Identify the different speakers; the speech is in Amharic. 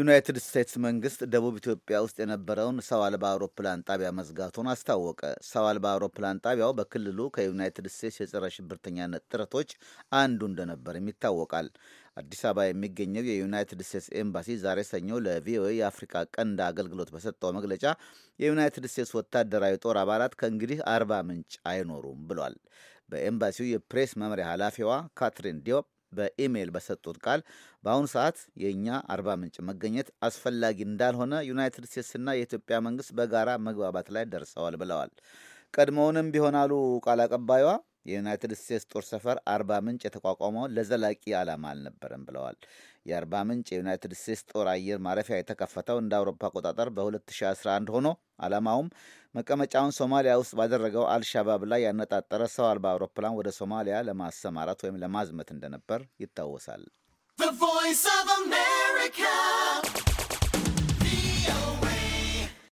Speaker 1: ዩናይትድ ስቴትስ መንግስት ደቡብ ኢትዮጵያ ውስጥ የነበረውን ሰው አልባ አውሮፕላን ጣቢያ መዝጋቱን አስታወቀ። ሰው አልባ አውሮፕላን ጣቢያው በክልሉ ከዩናይትድ ስቴትስ የጸረ ሽብርተኛነት ጥረቶች አንዱ እንደነበርም ይታወቃል። አዲስ አበባ የሚገኘው የዩናይትድ ስቴትስ ኤምባሲ ዛሬ ሰኞ ለቪኦኤ የአፍሪካ ቀንድ አገልግሎት በሰጠው መግለጫ የዩናይትድ ስቴትስ ወታደራዊ ጦር አባላት ከእንግዲህ አርባ ምንጭ አይኖሩም ብሏል። በኤምባሲው የፕሬስ መምሪያ ኃላፊዋ ካትሪን ዲዮፕ በኢሜይል በሰጡት ቃል በአሁኑ ሰዓት የእኛ አርባ ምንጭ መገኘት አስፈላጊ እንዳልሆነ ዩናይትድ ስቴትስና የኢትዮጵያ መንግስት በጋራ መግባባት ላይ ደርሰዋል ብለዋል። ቀድሞውንም ቢሆን አሉ ቃል አቀባዩዋ የዩናይትድ ስቴትስ ጦር ሰፈር አርባ ምንጭ የተቋቋመው ለዘላቂ ዓላማ አልነበረም ብለዋል። የአርባ ምንጭ የዩናይትድ ስቴትስ ጦር አየር ማረፊያ የተከፈተው እንደ አውሮፓ አቆጣጠር በ2011 ሆኖ ዓላማውም መቀመጫውን ሶማሊያ ውስጥ ባደረገው አልሻባብ ላይ ያነጣጠረ ሰው አልባ አውሮፕላን ወደ ሶማሊያ ለማሰማራት ወይም ለማዝመት እንደነበር ይታወሳል።